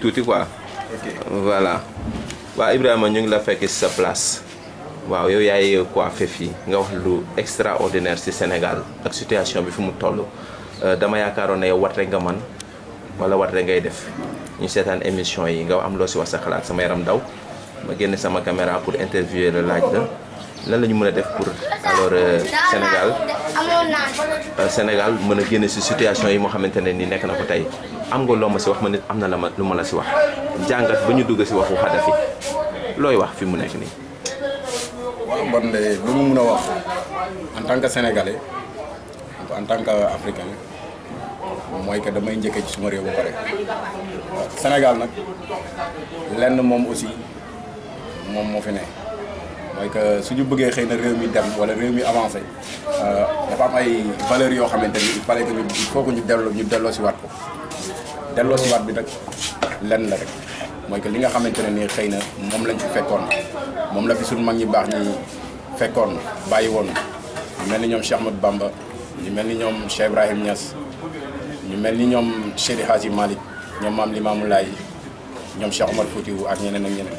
tuuti quoi voilà waaw Ibrahima ñu ngi la fekk ci sa place waaw yow yaay coiffé fii nga wax lu extraordinaire ci Sénégal ak situation bi fi mu toll euh, dama yaakaaroon ne yow wat rek nga man wala wat rek ngay def ñu seetaan émission yi nga am loo ci wax sa xalaat sama yaram daw ma génn sama caméra pour interviewer la laaj la lan la ñu mën a def pour alors euh, Sénégal euh, Sénégal mën a génne si situation yi moo xamante ne ni nekk na ko tey am nga loo ma si wax ma ne am na la ma lu ma la si wax jàngat ba ñu dugg si wax waxu Xadafi looy wax fi mu nekk nii. waaw man mu mën a wax en tant que sénégalais en tant que africain mooy que damay njëkkee ci suma réew ba pare Sénégal nag lenn moom aussi moom moo fi ne. mooy que ñu bëggee xëy na réew mi dem wala réew mi avancé euh, dafa am ay valeurs yoo xamante ni il fallait ñu delloo ñu delloo si waat ko delloo si waat bi nag lenn la rek mooy que li nga xamante ne nii xëy na moom lañ fi fekkoon moom la fi suñu mag ñi baax ñi fekkoon bàyyi woon ñu mel ni ñoom Cheikh Ahmadou Bamba ñu mel ni ñoom Cheikh Ibrahim Niass ñu mel ni ñoom Seydi Hadji Malick ñoom Maam Limaamu Laay ñoom Cheikh Omar Foutiyou ak ñeneen ak ñeneen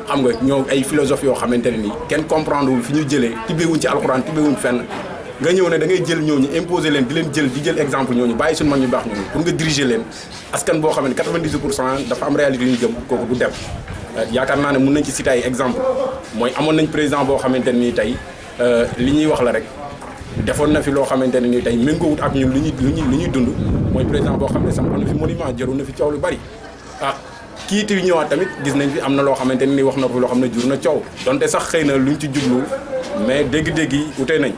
xam nga ñoo ay philosophe yoo xamante ne nii kenn comprendre wul fi ñu jëlee tibbeewuñ ci alxuraan tibbeewuñ fenn nga ñëw ne da ngay jël ñooñu imposer leen di leen jël di jël exemple ñooñu bàyyi suñu mag ñu baax ñooñu pour nga diriger leen askan boo xam ne 98 pour cent dafa am réalité ñu jëm kooku du dem euh, yaakaar naa ne mun nañ ci citer ay exemple mooy amoon nañ président boo xamante ne nii tey euh, li ñuy wax la rek defoon na fi loo xamante ne nii tey méngoowut ak ñun li ñuy li ñuy dund mooy président boo xam ne sax am na fi monument jëru na fi coow lu bari ah kiitu yu ñëwaat tamit gis nañ fi am na loo xamante ni wax na ko loo xam ne jur na coow donte sax xëy na luñ ci jublu mais dégg-dégg yi ute nañ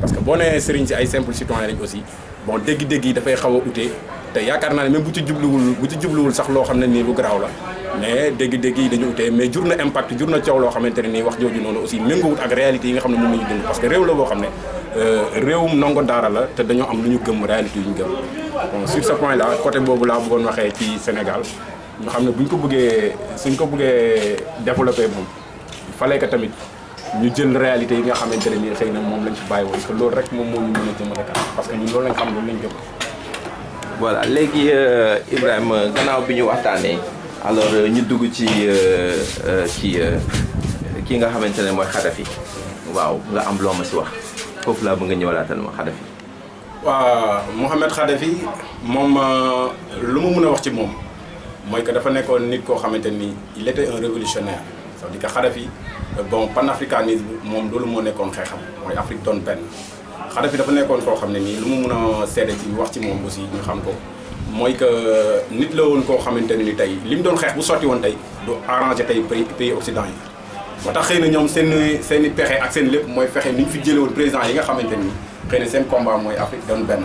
parce que boo nee sëriñ si ay simple citoyen lañ aussi bon dégg-dégg yi dafay xaw a ute te yaakaar naa ne même bu ci jubluwul bu ci jubluwul sax loo xam ne nii lu garaaw la mais dégg-dégg yi dañu ute mais jur na impact jur na coow loo xamante ne wax jooju noonu aussi méngoowut ak réalité yi nga xam ne moom la ñu dund parce que réew la boo xam ne euh, réewum ndongo daara la te dañoo am lu ñu gëm réalité yu ñu gëm bon sur ce point là côté boobu laa bëggoon waxee ci Sénégal ñu xam ne bu ñu ko buggee suñ ko bëggee développé moom fallait tamit ñu jël réalité yi nga xamante ne nii xëy na moom lañ fi bàyyi woon que loolu moom moo ñu mën parce que ñun loolu lañ xam loolu lañ léegi euh, Ibrahima gannaaw bi ñu waxtaanee alors euh, ñu dugg ci euh, ci ki nga xamante ne mooy Xadafi waaw nga am loo ma si wax foofu laa bëgg nga ñëwalaatal ma Xadafi. waaw Mouhamed Xadafi moom lu ma mën a wax ci moom. moy que dafa nekkoon nit koo xamante ni il était un révolutionnaire ça veut dire que euh, bon panafricanisme moom loolu moo nekkoon xeexam mooy Afrique doon benn xarafi dafa nekkoon koo xam ne nii lu mu mun a seede ci wax ci moom aussi ñu xam ko mooy que euh, nit la woon koo xamante ne ni tey li mu doon xeex bu sotti woon tey du arrangé tey pays occident yi ba tax xëy na ñoom seen seen pexe ak seen lépp mooy fexe ni ñu fi jëlee woon président yi nga xamante ni xëy na seen combat mooy Afrique doon benn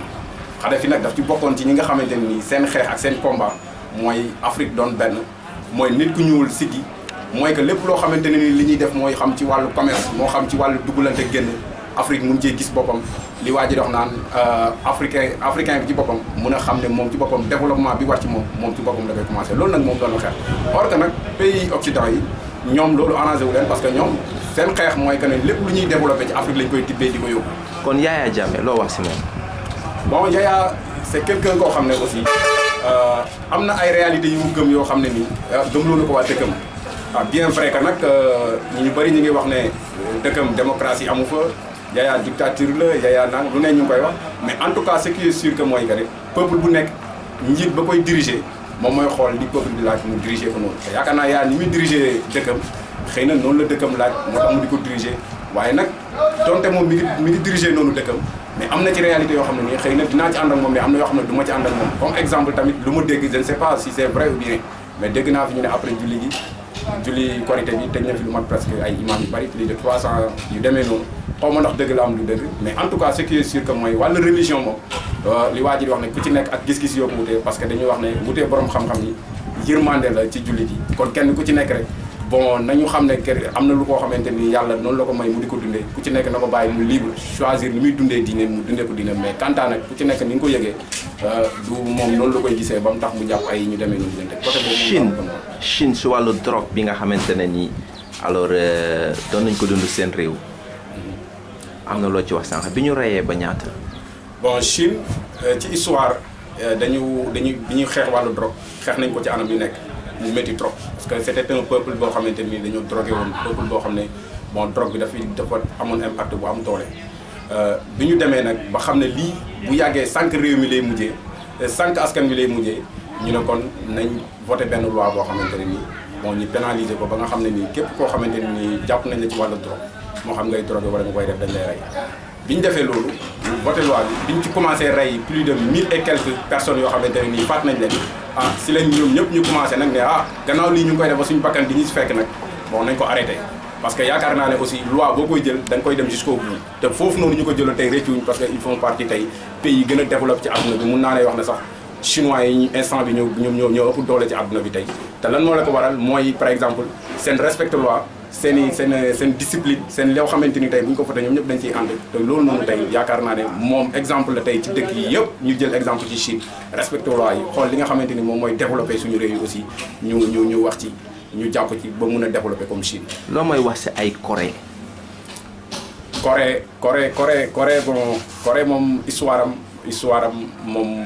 xarafi nag daf ci bokkoon ci ñi nga xamante ni seen xeex ak seen combat moy Afrique doon ben moy nit ku ñuul siggi moy que lepp lo xamante ni li ñuy def moy xam ci walu commerce mo xam ci walu dugulante génn Afrique mun ci gis bopam li waji ji dox naan euh, africain africain ci bopam mun na xam ne moom ci bopam développement bi war ci mom moom ci bopam da koy commencé lool nak moom doon la or que nak pays occident yi ñom loolu arrangé wu len parce que ñom seen xex moy que ne lepp lu ñuy développé ci Afrique lañ koy tibbee di ko yóbbu. kon Yaya Jammeh lo wax ci mom bon Yaya c'est quelqu'un ko xam aussi. Euh, am na ay réalités yu mu gëm yoo xam ne nii euh, gëmloo loolu ko waa dëkkam waaw ah, bien vrai que nag euh, ñu bëri ñu ngi wax ne dëkkam démocratie amu fa yaayaa dictature la yaayaa nang lu ne ñu ngi koy wax mais en tout cas ce qui est mooy que ne peuple bu nekk njiit ba koy diriger moom mooy xool li peuple bi laaj mu diriger ko noonu te yaakaar naa yaa ni muy diriger dëkkam xëy na noonu la dëkkam laaj moo tax mu di ko diriger waaye nag donte moom mi ngi mi ngi diriger noonu mais amna ci réalité yo xamné ne nii xëy ci ànd mom moom amna yo xamné duma ci ànd mom comme exemple tamit lu mu dégg je ne sais pas si c'est vrai ou bien mais dégg naa fi ñu ne après julli gi julli korité bi teg na fi lu mat presque ay imam yu bari plus de 300 yu démé non xaw ma ndax dëgg la am du dëgg mais en tout cas ce qui est sûr que mooy wàllu religion moom euh, li waa ji di wax ne ku ci nekk ak gis-gis yoo ko wutee parce que dañuy wax ne wutee borom xam-xam yi yërmande la ci jullit yi kon kenn ku ci nekk rek bon nañu xam ne kër am na lu koo xamante ni yàlla noonu la ko may mu di ko dundee ku ci nekk na ko bàyyi mu libre choisir li muy dundee diine mu dundee ko diine mais kantaa nag ku ci nekk ni ko yëgee euh, du moom noonu la koy gisee ba mu tax mu jàpp ay ñu demee noonu leen côté boobu Chine Chine su wàllu drogue bi nga xamante ne nii alors euh, doon nañ ko dund seen réew mm-hmm. am na loo ci wax sànq bi ñu reyee ba ñaata bon Chine euh, ci histoire dañu dañu bi ñuy xeex wàllu drogue xeex nañ ko ci anam yu nekk mu métti trop que c'était boo xamante ni dañoo drogué woon peuple boo xam ne bon drogue bi dafay dafa amoon impact bu am doole euh, bi ñu demee nag ba xam ne lii bu yàggee cinq réew mi lay mujjee euh, sànq askan bi lay mujjee ñu ne kon nañ voté benn loi boo xamante ne nii bon ñu pénaliser ko ba nga xam ne nii képp koo xamante ne nii jàpp nañ la ci wàllu drogue moo xam ngay drogue wala nga koy def dañ lay rey biñ défé defee loolu voté loi bi bi ci commencé ray plus de 1000 et quelques personnes yo xamé ne ni fat nañ leen ah si lañ ñoom ñëpp ñu commencé nak né ah gannaaw lii ñu koy def suñu bakkan di ñu si fekk nak bon nañ ko arrêté. parce que yaakaar naa ne aussi loi boo koy jël da koy dem jusqu'au bout te foofu noonu ñu ko jëloon tey rëccuwuñ parce que ils font partie tey pays yi gën a développé ci àdduna bi mun naa lay wax ne sax chinois yi instant bi ñëw ñoom ñoo ñoo ëpp doole ci àdduna bi tey te lan moo la ko waral mooy par exemple seen respecte loi. seen i seen euh, seen discipline seen loo xamante ni tey bu ñu ko fote ñoom ñëpp dañ ciy ànd te loolu noonu tey yaakaar naa ne moom exemple la tey ci dëkk yi yëpp ñu jël exemple ci Chine respecté loi yi xool li nga xamante ni moom mooy développé suñu réew yi aussi ñu ñu ñu wax ci ñu jàpp ci ba mun a développé comme Chine. loo may wax si ay Corée. Corée Corée Corée Corée bon Corée moom histoire am histoire am moom.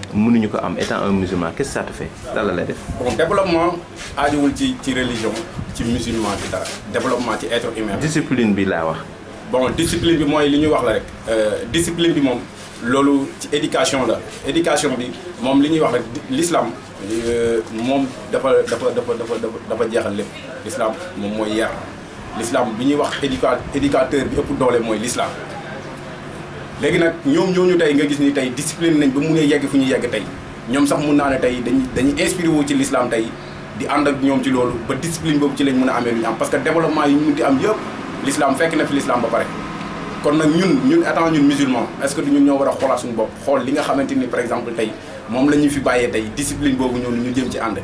mënuñu ko am étant un musulman qu'est-ce que ça te fait lan la def. bon développement aajuwul ci ci religion ci musulman ci dara développement ci être humain. discipline bi la wax. bon discipline bi moy li ñuy wax la rek. Euh, discipline bi mom lolu ci éducation la éducation bi mom li ñuy wax rek l'islam euh, mom dafa dafa dafa dafa dafa jeexal lépp l'islam mom moy yar l'islam bi ñuy wax éduca éducateur bi ëpp doole moy l'islam léegi nag ñoom ñooñu tey nga gis ni tey discipline nañ ba mu ne yegg fu ñu yegg tey ñoom sax mun naa ne tey dañuy dañuy inspiré wu ci l'islam tey di ànd ak ñoom ci loolu ba discipline boobu ci lañ mën a amee lu ñu am parce que développement ñu munti am yëpp l'islam na ñun ñun étant ñun musulman est-ce que du ñoo war a xoolaat suñu bopp xool li nga xamante ni par exemple tey moom la ñu fi bàyyee tey discipline boobu ñoonu ñu jëm ci ànd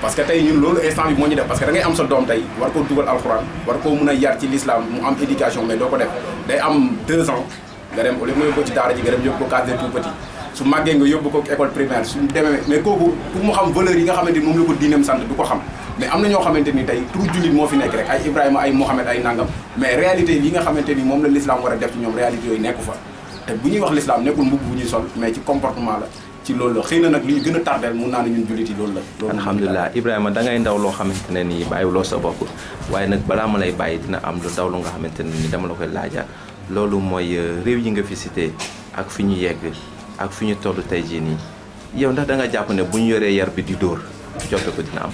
parce que tey ñun loolu instant bi moo ñu def parce que da am sa doom tey war koo dugal alxuraan war koo mun a yar ci l'islam mu am am deux ans gërëm au lieu mu yóbbu ko ci daara ji gërëm yóbbu ko case des yi nga xamante ni moom la ko diineem sant du ko xam mais am na ñoo xamante ni tey nga xamante ni moom la l'islam war a def ci ñoom réalité yooyu nekku fa te bu ñuy wax l'islam nekkul mbubb bu ñuy sol mais ci comportement la ci loolu la xëy na nag li ñu gën a tardeel mun naa ne ñun jullit yi loolu la alhamdulilah Ibrahima da ngay ndaw loo xamante ne nii bàyyiwuloo sa bopp waaye nag balaa ma lay bàyyi dina am lu ndaw lu xamante ne ni dama la koy laajaat loolu mooy euh, réew yi nga fi cité ak fi ñu yegg ak fi ñu toll tey jii nii yow ndax da nga jàpp ne bu ñu yoree yar bi di dóor jote ko dina am.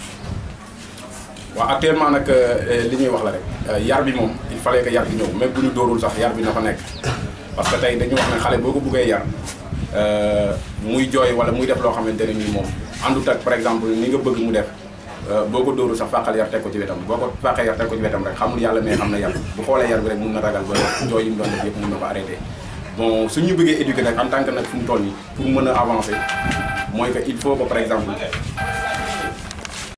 waa actuellement nag euh, li ñuy wax la rek euh, yar bi moom il fallait que yar bi ñëw même bu ñu dóorul sax yar bi na fa nekk parce que tey dañu wax ne xale boo ko buggee yar muy jooy wala muy def loo xamante ne nii moom àndut ak par exemple ni nga bëgg mu def. Euh, boo ko dóoru sax fàqal yar teg ko ci wetam boo ko fàqee yar teg ko ci wetam rek xamul yàlla mais xam na yar bu xoolee yar bi rek mun na ragal ba jooy yi mu doon def mun na ko arrêté bon suñu bëggee éduquer nag en tant que nag fu mu toll nii pour mën a avancer mooy que il faut que par exemple